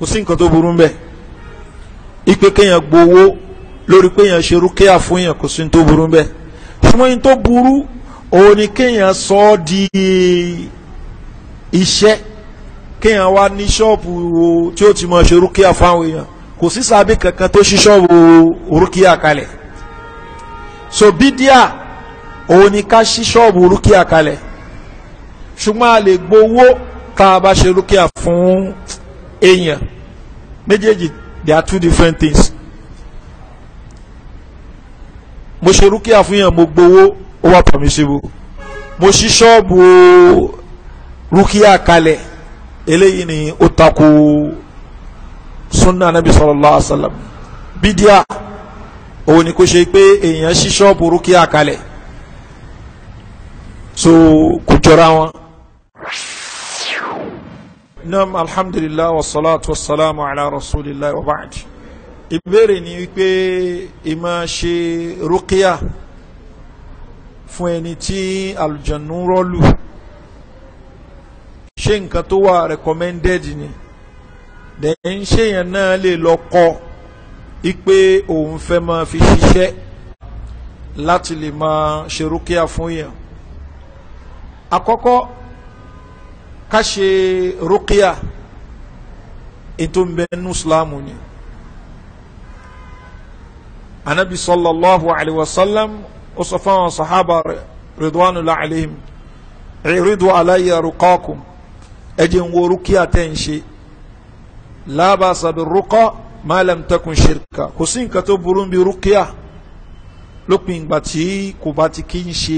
kò sí nǹkan tó burú mbẹ ipe kéèyàn gbowó lórí kéèyàn ṣe rúkẹ́yà fún èèyàn kò sí tó burú mbẹ ṣùgbọ́n yìí tó burú òun ni kéèyàn sọ ọ́ di iṣẹ́ kéèyàn wá ní ṣọ́ọ̀bù wo tí ó ti mọ̀ ṣe rúkẹ́yà fáwọn èèyàn kò sí sábẹ́ kankan tó ṣí ṣọ́ọ̀bù rúkẹ́yà kalẹ̀ so bídíà òun ni ká ṣí ṣọ́ọ̀bù rúkẹ́yà kalẹ̀ ṣùgbọ́n a lè gbowó tá a bá ṣe rúkẹ́yà fún èèyàn méjèèjì they are two different things mo ṣe rúkìá fún yàn mo gbowó ó wà permissible mo ṣí ṣọ́ọ̀bù rúkìá kalẹ̀ eléyìí ni ó takò sunna anabi sallallahu alaihi wa sallam bídíà òun ni kò ṣe pé èèyàn ṣí ṣọ́ọ̀bù rúkìá kalẹ̀ so kò jọra wọn nam alhamdulilah wasalaatu wasalaamu ala rasulillah wa baad ìbéèrè ni wípé ìmọ̀ ṣe rúkìá fún ẹni tí àlùjànnú rọ́lù ṣé nǹkan tó wà recommended ni dẹ̀yìn ṣéyàn náà lè lọ kọ ipe òun fẹ́ máa fi ṣiṣẹ́ láti lè máa ṣe rúkìá fún yẹn àkọ́kọ́ ká ṣe rukia ètò ń bẹ nínú islam ni anabi sallallahu alayhi wa sallam ó sọ fún àwọn sahaba rẹ̀ ridwanullahi alayhim iridu alayya ruqakum ẹ jẹ́ n wo rukia tẹ́ ń ṣe la ba'sa bir ruqa ma lam shirka kò sí nǹkan tó burú rukia lópin ìgbà tí kò ti kí ń ṣe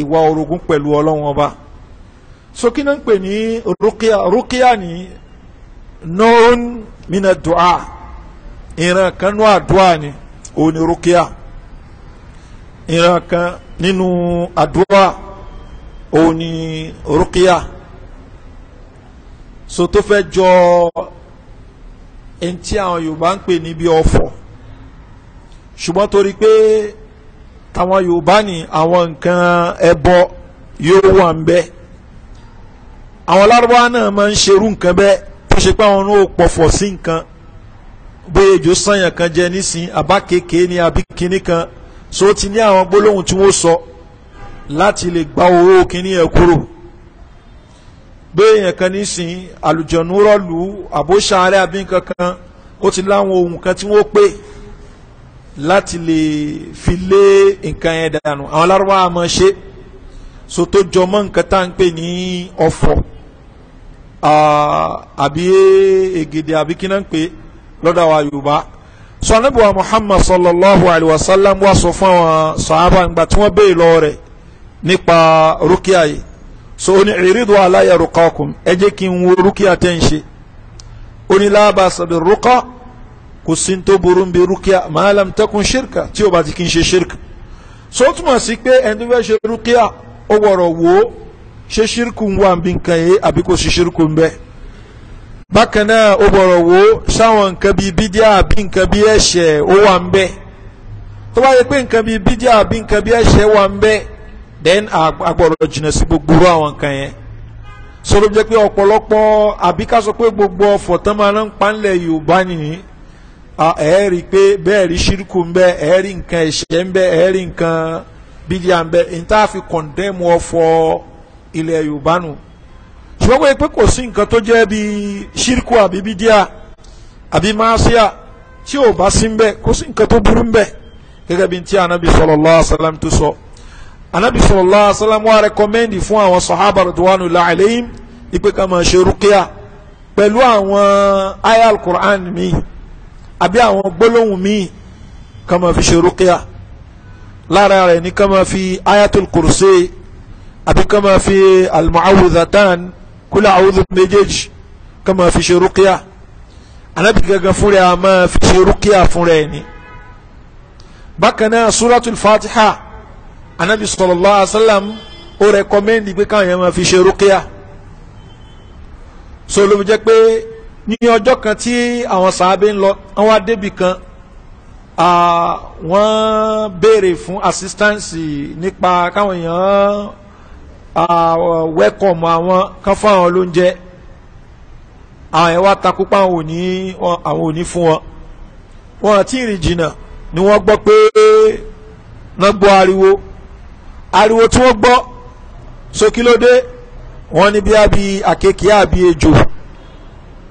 ìwà orogún pẹ̀lú ọlọ́wọ́n so kí ló ń pè ní rukia rukia ni noon mina dua ìran kan nínú àdúrà ni òun ni rukia ìran kan nínú àdúrà òun ni rukia so tó fẹ́ jọ ẹni tí àwọn Yorùbá ń pè ní bí ọ̀fọ̀ ṣùgbọ́n torí pé táwọn Yorùbá ní àwọn nǹkan ẹbọ yóò wà ń bẹ́ẹ̀ àwọn lárúbáwá náà máa ń ṣerú nǹkan bẹ́ẹ̀ tó ṣe pé àwọn náà pọ̀fọ̀ sí nǹkan bóyá ejò sànyàn kan jẹ nísìn àbá kékeré ni àbí kinní kan so ti ní àwọn gbólóhùn tí wọ́n sọ láti lè gba owó kinní yẹn kúrò bóyá yẹn kan nísìn àlùjọ̀nù rọ̀lù àbóṣàárẹ̀ àbí nǹkan kan ó ti láwọn ohun kan tí wọ́n pè láti lè fi lé nǹkan yẹn dànù àwọn lárúbáwá máa ṣe so tó jọmọ́ nǹkan tá àbí ègèdè àbí kí náà ń pè lọ́dọ̀ wa yorùbá sọ muhammad sallallahu alayhi wa sallam wa sọ fún àwọn sàhábà ńgbà tí wọ́n béè lọ́wọ́ rẹ̀ nípa rúkìá yìí so ó ní ìrìdù aláya rúkọ́kùn ẹ jẹ́ kí n wo rúkìá tẹ́ ń ṣe ó ní lábàṣà bí rúkọ́ kò sí tó burú bí rúkìá màálàm tẹ́kùn ṣírkà tí ó bá ti kí n ṣe ṣírkà so ó túmọ̀ sí pé ẹni tó fẹ́ ṣe rúkìá ó gbọ́dọ̀ wò ó ṣé ṣírkù ń wà bí nǹkan yìí àbí kò sí ṣírkù ń bẹ bákan náà ó bọ̀rọ̀ wo sáwọn nǹkan bíi bídíà àbí nǹkan bíi ẹ̀ṣẹ̀ ó wà ń bẹ tó bá yẹ pé nǹkan bíi bídíà àbí nǹkan bíi ẹ̀ṣẹ̀ wà ń bẹ then agbọ̀rọ̀ jìnnà sí gbogbo irú àwọn nǹkan yẹn sọ̀rọ̀ jẹ́ pé ọ̀pọ̀lọpọ̀ àbí ká sọ pé gbogbo ọ̀fọ̀ tán máa ń panlẹ̀ Yorùbá nìyí ẹ rí i pé bẹ́ẹ̀ rí ṣírkù ń bẹ ẹ rí nǹkan ẹ̀ṣẹ̀ ń bẹ ẹ rí nǹkan bídíà ń bẹ ní tá ọ̀fọ̀ ilẹ̀ yorùbá nù ṣùgbọ́n pé pé kò sí nǹkan tó jẹ́ bíi ṣírkù àbí bídíà àbí máṣíà tí ò bá sí mbẹ kò sí nǹkan tó burú mbẹ gẹ́gẹ́ bí ti anabi sallallahu alaihi wasallam tó sọ anabi sallallahu alaihi wasallam wa rẹkọmẹ́ndì fún àwọn sahaba radwanu la'alayhim ipe ká máa ṣe rúkìá pẹ̀lú àwọn aya alukur'an mi àbí àwọn gbólóhùn mi ká máa fi ṣe rúkìá lára rẹ̀ ní ká máa fi ayatul kursi àbí ká máa fi almuawudatan kúlẹ̀ àwùdù méjèèjì ká máa fi ṣe rúkìá anábì gangan fúnra ẹ̀ máa fi ṣe rúkìá fúnra ẹ̀ ni bákan náà suratul fatiha anabi sallallahu alaihi wa sallam ó rẹkọmẹ́ndì pé káwọn yẹn máa fi ṣe rúkìá so ló fi jẹ́ pé ní ọjọ́ kan tí àwọn sàábé ń lọ wọ́n wá kan wọ́n béèrè fún assistance nípa káwọn èèyàn wẹ́kọ̀mù àwọn kan fún àwọn lóúnjẹ àwọn ẹ̀wà takúpa àwọn òní fún wọn wọn àti ìrìn jìnnà ni wọ́n gbọ́ pé wọ́n gbọ́ ariwo ariwo tí wọ́n gbọ́ sókílódé wọ́n ní bí àbí àkekè àbí ejò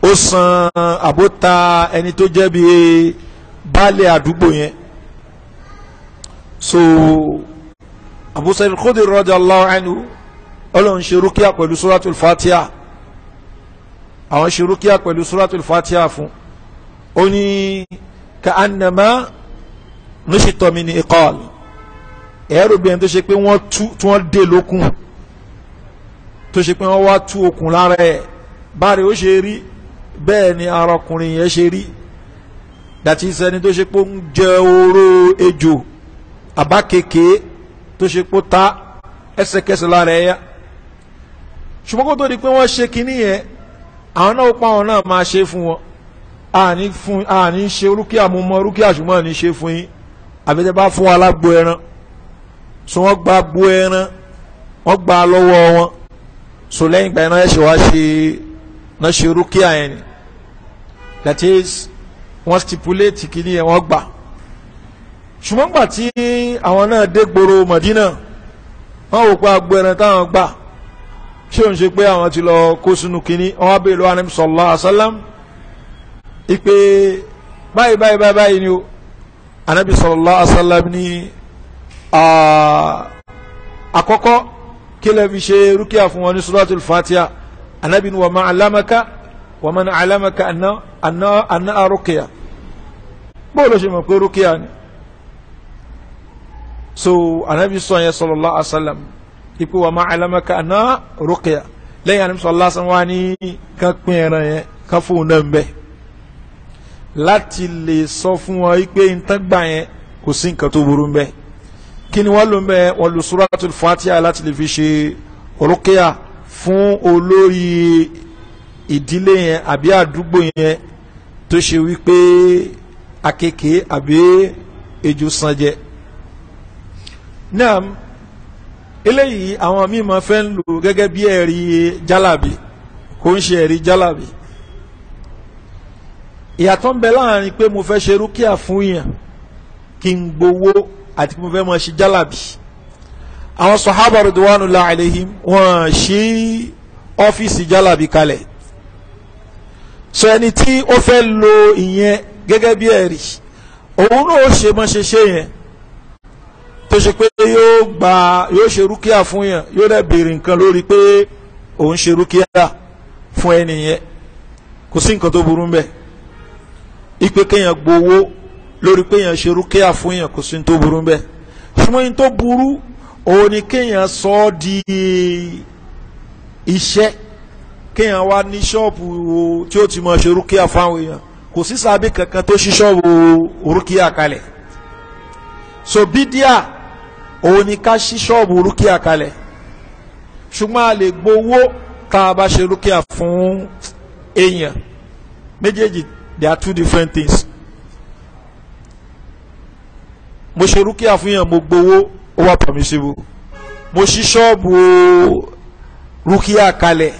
ó san àbóta ẹni tó jẹ́ bí baálé àdúgbò yẹn so Abu Sa'id Khudri radiyallahu anhu ọlọ́run ṣe rúkíà pẹ̀lú suratul fatiha àwọn ṣe rúkíà pẹ̀lú suratul fatiha fún ó ní ka annama nushito min iqal ẹ̀rù bẹ́ẹ̀ tó ṣe pé wọ́n tú tí wọ́n dé lókun tó ṣe pé wọ́n wá tú okùn lára ẹ̀ báre ó ṣe rí bẹ́ẹ̀ ni arákùnrin yẹn ṣe rí dàtí sẹni tó ṣe pé ń jẹ oró ejò àbá kékeré tó ṣe pé ta ẹsẹ̀kẹsẹ̀ lára ẹ̀ yá ṣùgbọ́n kó tó di pé wọ́n ṣe kinní yẹn àwọn náà pa àwọn náà máa ṣe fún wọn àní fún àní ṣe rúkìá mo mọ rúkìá ṣùgbọ́n àní ṣe fún yín àbẹ̀tẹ̀ bá fún wa lágbo ẹran so wọ́n gba agbo ẹran wọ́n gba lọ́wọ́ wọn so lẹ́yìn ìgbà yẹn náà ṣe wá ṣe náà ṣe rúkìá yẹn ni that is wọ́n stipulate kinní yẹn wọ́n gbà ṣùgbọ́n gbà tí àwọn náà dé gbòòrò Mọ̀dínà wọ́n wò pé agbo ẹran táwọn gbà ṣé òun ṣe pé àwọn ti lọ kó sínú kínní wọn wá bèèrè lọ́wọ́ anabi sallallahu alaihi wasallam ipe báyìí báyìí báyìí báyìí ni o anabi sallallahu alaihi wasallam ní àkọ́kọ́ kí lè fi ṣe rúkìá fún wọn ní suratul fatiha anabi ni wa ma alamaka wa man alamaka anna anna anna rúkìá bóòlù ṣe mọ̀ pé rúkìá ni so anabi sọ yẹn sallallahu ipò wà máa alamaka àná ruqya lẹ́yìn àníṣọ́ lásán wá ní kan pín ẹran yẹn kan fóun náà ń bẹ̀ láti lè sọ fún wọn pé nǹkan gbà yẹn kò sí nǹkan tó burú ń bẹ̀ wọ́n lò ń wọ́n lu suratul fatiha láti lè fi ṣe ruqya fún olórí ìdílé yẹn àbí àdúgbò yẹn tó ṣe wípé akeke àbí ejò náà eléyìí àwọn míì máa fẹ́ ń lò gẹ́gẹ́ bí ẹ̀rí jálàbí kò ń ṣe ẹ̀rí jálàbí ìyàtọ̀ ń bẹ láàrin pé mo fẹ́ ṣe rúkìá fún yàn kí n gbowó àti mo fẹ́ máa ṣe jálàbí àwọn sọ̀hábà ridwanullahi alaihim wọ́n ṣí ọ́fíìsì jálàbí kalẹ̀ so ẹni tí ó fẹ́ lo ìyẹn gẹ́gẹ́ bí ẹ̀rí òun náà ó ṣe mọ́ ṣe ṣe yẹn tó ṣe pé yóò gba yóò ṣe rúkìá fún yàn yóò dẹ̀ béèrè nǹkan lórí pé òun ṣe rúkìá fún ẹni yẹn kò sí nǹkan tó burú ń bẹ̀ ipe kéèyàn gbowó lórí pé yàn ṣe rúkìá fún yàn kò sí nǹkan tó burú ń bẹ̀ ṣùgbọ́n yìí tó burú òun ni kéèyàn sọ ọ́ di iṣẹ́ kéèyàn wá ní ṣọ́ọ̀bù tí ó ti mọ̀ ṣe rúkìá fáwọn èèyàn kò sí sábẹ́ kankan tó ṣí rúkìá kalẹ̀ so bidia òun ni ká ṣí ṣọ́ọ̀bù rúkìá kalẹ̀ ṣùgbọ́n a lè gbowó tá a bá ṣe rúkìá fún èèyàn méjèèjì they are two different things mo ṣe rúkìá fún yàn mo gbowó ó wà permissible mo ṣí ṣọ́ọ̀bù rúkìá kalẹ̀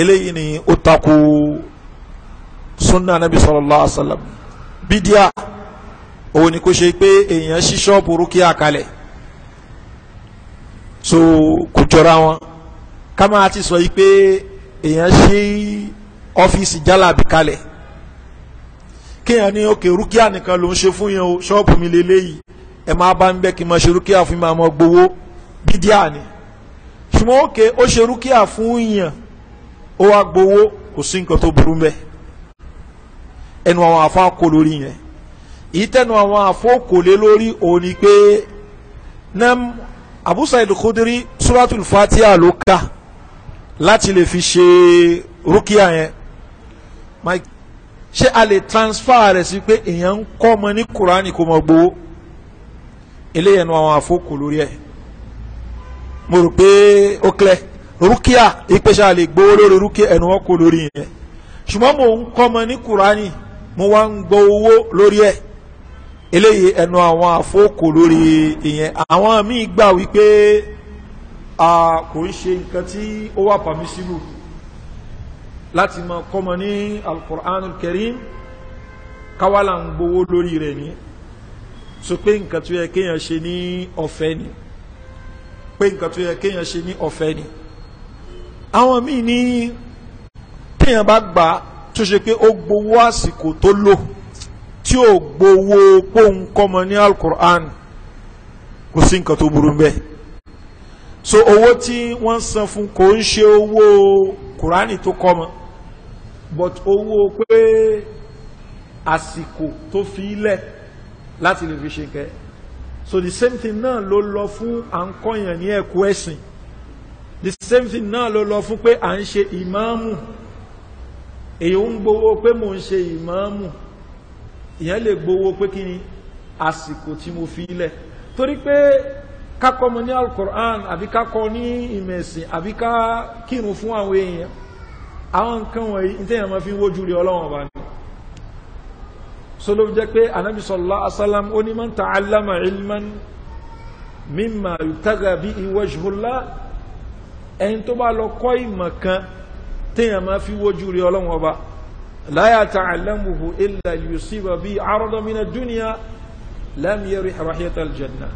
eléyìí ni ó takò sunna anabi sallallahu alaihi wa sallam bídíà òun ni kò ṣe pé èèyàn ṣí ṣọ́ọ̀bù rúkìá kalẹ̀ so kò jọra wọn ká máa ti sọ yìí pé èèyàn ṣe ọ́fíìsì jálàbí kalẹ̀ kéèyàn ní òkè rúkìá nìkan ló ń ṣe fún yẹn o ṣọ́ọ̀bù mi lélẹ́yìí ẹ máa bá ń bẹ́ kí n máa ṣe rúkìá fún mi máa mọ gbowó bídíà ni ṣùgbọ́n òkè ó ṣe rúkìá fún yẹn ó wá gbowó kò sí nǹkan tó burú mbẹ́ ẹnu àwọn àfọ àkó lórí yẹn ìtẹnu àwọn àfọ kò lé lórí òun ni pé nam Abu Sa'id Khudri suratul Fatiha ló kà láti lè fi ṣe rúkìá yẹn mike ṣé a lè transfer rẹ̀ sí pé èèyàn ń kọ́ ọmọ ní kuraani kò mọ̀ gbowó eléyẹn nu àwọn àfọkù lórí ẹ̀ mo rò pé ó clear rúkìá ìpèsè a lè lórí rúkìá ẹnu wọn lórí yẹn ṣùgbọ́n mo ń kọ́ ọmọ ní kuraani mo wá ń gbọ́ owó lórí ẹ̀ eléyìí ẹnu àwọn àfókò lórí ìyẹn àwọn míì gbà wípé kò ń ṣe nǹkan tí ó wà pàmísìlù láti máa kọ́mọ ní Al-Qur'anul Karim káwálà ń gbowó lórí rẹ̀ ní so pé nǹkan tó yẹ kéèyàn ṣe ní ọ̀fẹ́ ni pé nǹkan tó yẹ kéèyàn ṣe ní ọ̀fẹ́ ni àwọn míì ní kéèyàn bá gbà tó ṣe pé ó gbowó àsìkò tó lò tí ò gbowó pòǹkọ́mọ ní alukur'an kò sí nǹkan tó burú bẹ́ẹ̀ so owó tí wọ́n san fún kò ń ṣe owó kùránì tó kọ́mọ but owó pé àsìkò tó fi lẹ̀ láti lè fi ṣe kẹ́ so the same thing náà ló lọ fún à ń kọ́yàn ní ẹ̀kọ́ ẹ̀sìn the same thing náà ló lọ fún pé à ń ṣe ìmáàmù èyí ń gbowó pé mò ń ṣe ìmáàmù ìyẹn lè gbowó pé kí ni àsìkò tí mo fi ilẹ̀ torí pé kákọ́ mọ ní alukur'an àbí kákọ́ ní ìmẹ̀sìn àbí ká kírun fún àwọn èèyàn àwọn nǹkan wọ̀nyí ní tẹ́yàn máa fi wójú rí ọlọ́wọ́n bá ní so ló jẹ́ pé anabi sallallahu alaihi wasallam ó ní man ta'allama ilman mimma yubtagha ẹni tó bá lọ kọ́ ìmọ̀ kan tẹ́yàn máa fi wójú rí ọlọ́wọ́n bá ní لا يتعلمه إلا ليصيب به عرض من الدنيا لم يرح رحية الجنة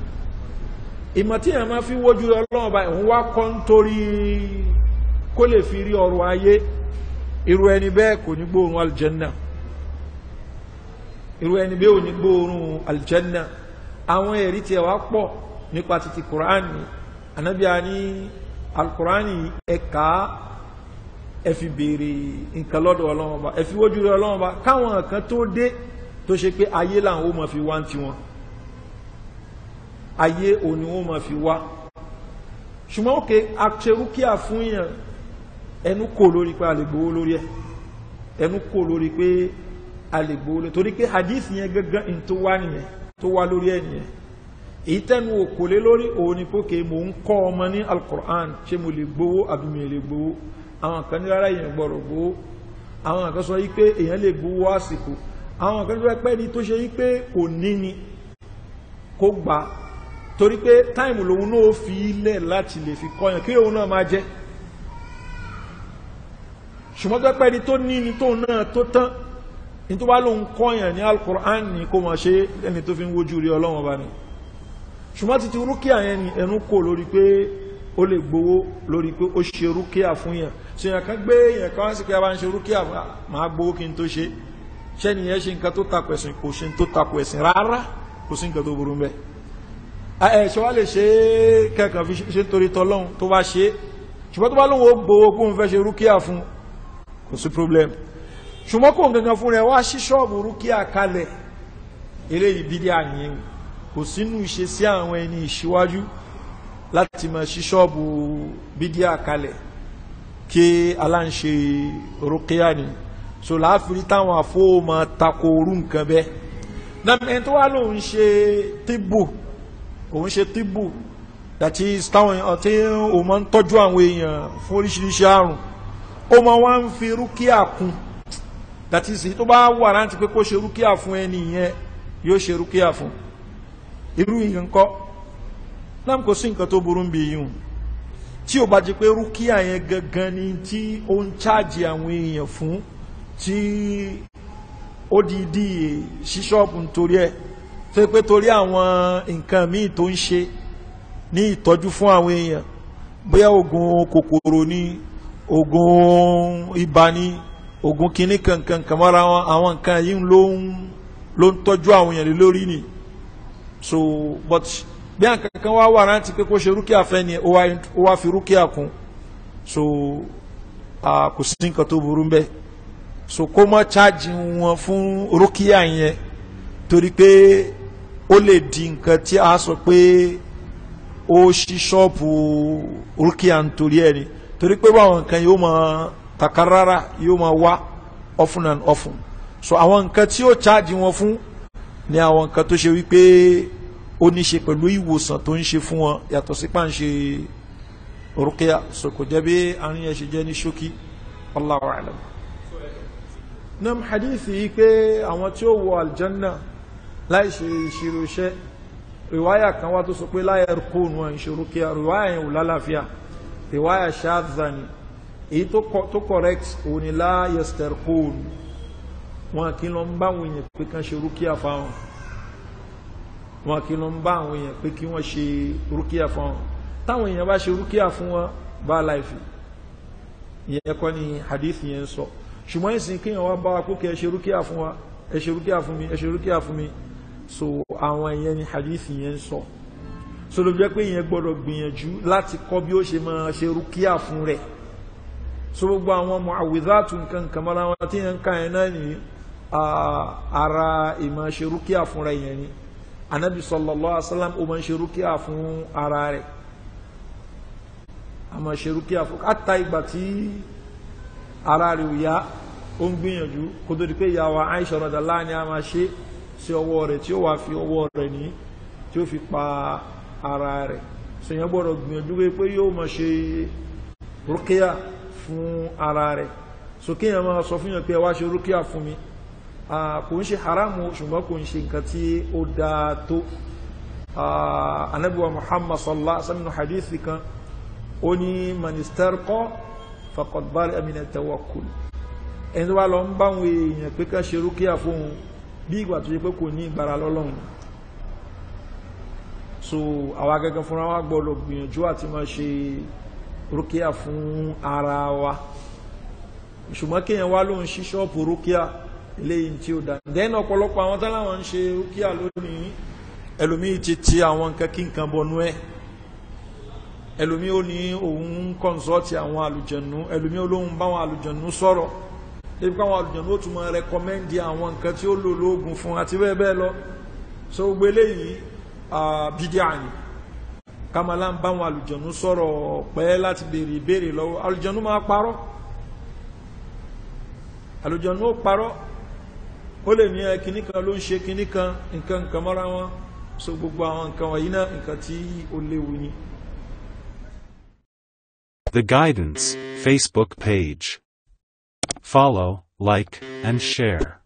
ìmọ̀ tí ẹ̀mọ́ fi wójú ọlọ́run bá ìhun wá kọ́ ń torí kó lè fi rí ọrọ̀ ayé irú ẹni bẹ́ẹ̀ kò ní gbóòrùn aljanna irú ẹni bẹ́ẹ̀ ò ní gbóòrùn aljanna àwọn ẹ̀rí tí ẹwà pọ̀ nípa títí kùránì anábíà ní alkùránì ẹ̀ka ẹ fi béèrè nǹkan lọ́dọ̀ ọlọ́wọ́n bá ẹ fi wójú rẹ ọlọ́wọ́n bá káwọn nǹkan tó dé tó ṣe pé ayé làwọn ó mọ̀ fi wá ń tiwọn ayé òun ni wọ́n mọ̀ fi wá ṣùgbọ́n òkè aṣerúkíà fún yàn ẹnu kò lórí pé a lórí ẹ ẹnu kò lórí pé a lórí torí pé hadith yẹn gángan in tó wá nìyẹn tó wá lórí ẹ nìyẹn èyí tẹnu òkòlé lórí òun ni pókè mò ń kọ́ ọmọ ní alukur'an ṣé mo lè gbowó àbí mi lè gbowó àwọn kan ní rárá èèyàn gbọ́rọ̀ gbowó àwọn kan sọ wípé èèyàn lè gbowó àsìkò àwọn kan tó pẹ́ ní tó ṣe wípé kò ní ni kó gbà torí pé táìmù lòun náà fi ilẹ̀ láti lè fi kọyàn kí òun náà máa jẹ́ ṣùgbọ́n tó pẹ́ ní tó ní ni tóun náà tó tán ní tó bá lòun kọyàn ní alukur'an ní kó máa ṣe ẹni tó fi ń wojú rí ọlọ́wọ́n bá ní ṣùgbọ́n títí rúkìá yẹn ni ẹnu kò lórí pé ó lè gbowó lórí pé ó ṣe rúkìá fún yàn so èèyàn kan gbé èèyàn kan sí pé a bá ń ṣe orúkẹ́ máa gbowó kí n tó ṣe ṣé nìyẹn ṣe nǹkan tó takò ẹ̀sìn kò ṣe tó takò ẹ̀sìn rárá kò sí nǹkan tó burú mbẹ́ ẹ̀ṣọ́ wa lè ṣe kẹ́kàn fi ṣe torí tọlọ́hun tó bá ṣe ṣùgbọ́n tó bá lóun ó gbowó kó n fẹ́ ṣe rúkìá fún kò sí problem ṣùgbọ́n kò gangan fún rẹ̀ wá sí ṣọ́ọ̀bù rúkìá kalẹ̀ eléyìí bídí àyẹn kò sínú ìṣesí àwọn ẹni ìṣíwájú Ke aláǹṣe rúkíá ni so láàfin táwọn afọ́ọ́mọ tako orú nǹkan bẹ́ẹ̀ nàmẹ́ tó wà lóun ṣe tíbù òun ṣe tíbù dàtí táwọn èèyàn tí òun máa ń tọ́jú àwọn èèyàn fún oríṣiríṣi àrùn ó máa wá ń fi rúkíá kún dàtí sì tó bá wà láti pé kó ṣe rúkíá fún ẹni yẹn yóò ṣe rúkíá fún irú yìí nǹkan náà kò sí nǹkan tó burú ń bí yìí hùn tí ó bá jẹ́ pé rúkìá yẹn gangan ni tí ó ń chájì àwọn èèyàn fún tí ó di di ṣíṣọ́ọ̀bù nítorí ẹ̀ tó pé torí àwọn nǹkan míì tó ń ṣe ní ìtọ́jú fún àwọn èèyàn bóyá oògùn kòkòrò ni oògùn ibà ni oògùn kìíní kankan kàmọ́ra àwọn nǹkan yìí ló ń tọ́jú àwọn èèyàn lórí ni so but bí àǹkankan wá wà rántí pé kó ṣe rúkìá fẹ́ ni ó wá fi rúkìá kún so kò sí nǹkan tó burú bẹ́ẹ̀ so kó má ṣáàjì wọn fún rúkìá yẹn torí pé ó lè di nǹkan tí a sọ pé ó ṣí ṣọ́ọ̀bù rúkìá nítorí ẹ̀ ni torí pé báwọn nǹkan yóò máa takarara yóò máa wá often and often so àwọn nǹkan tí ó ṣáàjì wọn fún ni àwọn nǹkan tó ṣe wípé ó ní ṣe pẹ̀lú ìwòsàn tó ń ṣe fún wọn yàtọ̀ sí pàǹṣe orúkẹ́yà so kò jẹ́ bí àárín ẹ̀ṣẹ̀ jẹ́ ní ṣókí Allahu a'lam nam hadithi yìí pé àwọn tí ó wọ aljanna láì ṣe ìṣirò iṣẹ́ riwaya kan wá tó sọ pé láyé rukun wọn ìṣe orúkẹ́yà riwaya yẹn wò lálàáfíà riwaya shazani èyí tó correct òun ni láyé sterkun wọn kí lọ ń báwọn èèyàn pé kan ṣe orúkẹ́yà fáwọn wọn kì í lọ ń bá àwọn èèyàn pé kí wọ́n ṣe rúkìá fún wọn táwọn èèyàn bá ṣe rúkìá fún wọn bá láìfi ìyẹn kọ́ ni hadith yẹn ń sọ ṣùgbọ́n ìsìn kí wọ́n bá wa kó kí ẹ ṣe rúkìá fún wa ẹ ṣe rúkìá fún mi ẹ ṣe rúkìá fún mi so àwọn èèyàn ni hadith yẹn ń sọ so ló jẹ́ pé ìyẹn gbọ́dọ̀ gbìyànjú láti kọ́ bí ó ṣe máa ṣe rúkìá fún rẹ̀ so gbogbo àwọn mu'awwidhatu nǹkan kan mọ́ra wọn tí yẹn ń ka yẹn náà ní ara ìmọ̀ ṣe rúkìá fún rẹ̀ yẹn ni anabi sallallahu alaihi wasallam ó máa ń ṣe rúkìá fún ara rẹ̀ a máa ṣe rúkìá fún ata ìgbà tí ara rẹ̀ ò yá ó ń gbìyànjú kó tó di pé ìyá wa Aisha radallahu anha a máa ṣe sí ọwọ́ rẹ̀ tí ó wàá fi ọwọ́ rẹ̀ ní tí ó fi pa ara rẹ̀ sèyàn gbọ́dọ̀ gbìyànjú pé yóò máa ṣe rúkìá fún ara rẹ̀ sókè yẹn máa sọ fún yẹn pé ẹ ṣe rúkìá fún mi kò ń ṣe haramu ṣùgbọ́n kò ń ṣe nǹkan tí ó dáa tó anabiwa muhammad sallallahu alaihi wasallam hadithi kan ó ní minister kọ́ faqad bari amina tawakkul ẹni tó bá lọ ń bá àwọn èèyàn pé ká ṣe rúkìá fún un bí ìgbà tó ṣe pé kò ní ìgbára lọ́lọ́run so àwa gẹ́gẹ́ fúnra wa gbọ́dọ̀ gbìyànjú àti máa ṣe rúkìá fún ara wa ṣùgbọ́n kéèyàn wá ló ń ṣí ṣọ́ọ̀bù rúkìá eléyìí tí ó dá dẹ́nu ọ̀pọ̀lọpọ̀ àwọn táwọn ń ṣe rúkìá lónìí ẹlòmíì ti ti àwọn nǹkan kí nǹkan bọnú ẹ ẹlòmíì ó ní òun ń kọ́nsọ́ọ̀tì àwọn àlùjẹ̀nu ẹlòmíì ó báwọn àlùjẹ̀nu sọ̀rọ̀ débi káwọn àlùjẹ̀nu ó tún máa rẹkọmẹ́ndì àwọn nǹkan tí ó lò lóògùn fún àti bẹ́ẹ̀ bẹ́ẹ̀ lọ so gbogbo eléyìí bídíà ni kamala ń báwọn àlùjẹ̀nu sọ̀rọ̀ pẹ́ láti béèrè ìbéèrè lọ́wọ́ àlùjẹ̀nu máa parọ́ àlùjẹ̀nu ó parọ́ kíní eh, kan ló ń ṣe kíní kan wọn so gbogbo àwọn wọ̀nyí tí ó léwu ni. The Guidance Facebook page. Follow, like, and share.